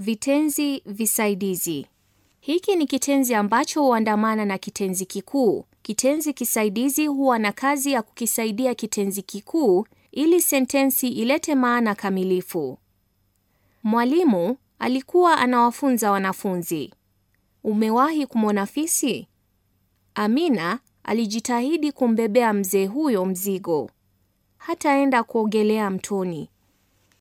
Vitenzi visaidizi. Hiki ni kitenzi ambacho huandamana na kitenzi kikuu. Kitenzi kisaidizi huwa na kazi ya kukisaidia kitenzi kikuu ili sentensi ilete maana kamilifu. Mwalimu alikuwa anawafunza wanafunzi. Umewahi kumwona fisi? Amina alijitahidi kumbebea mzee huyo mzigo. Hataenda kuogelea mtoni.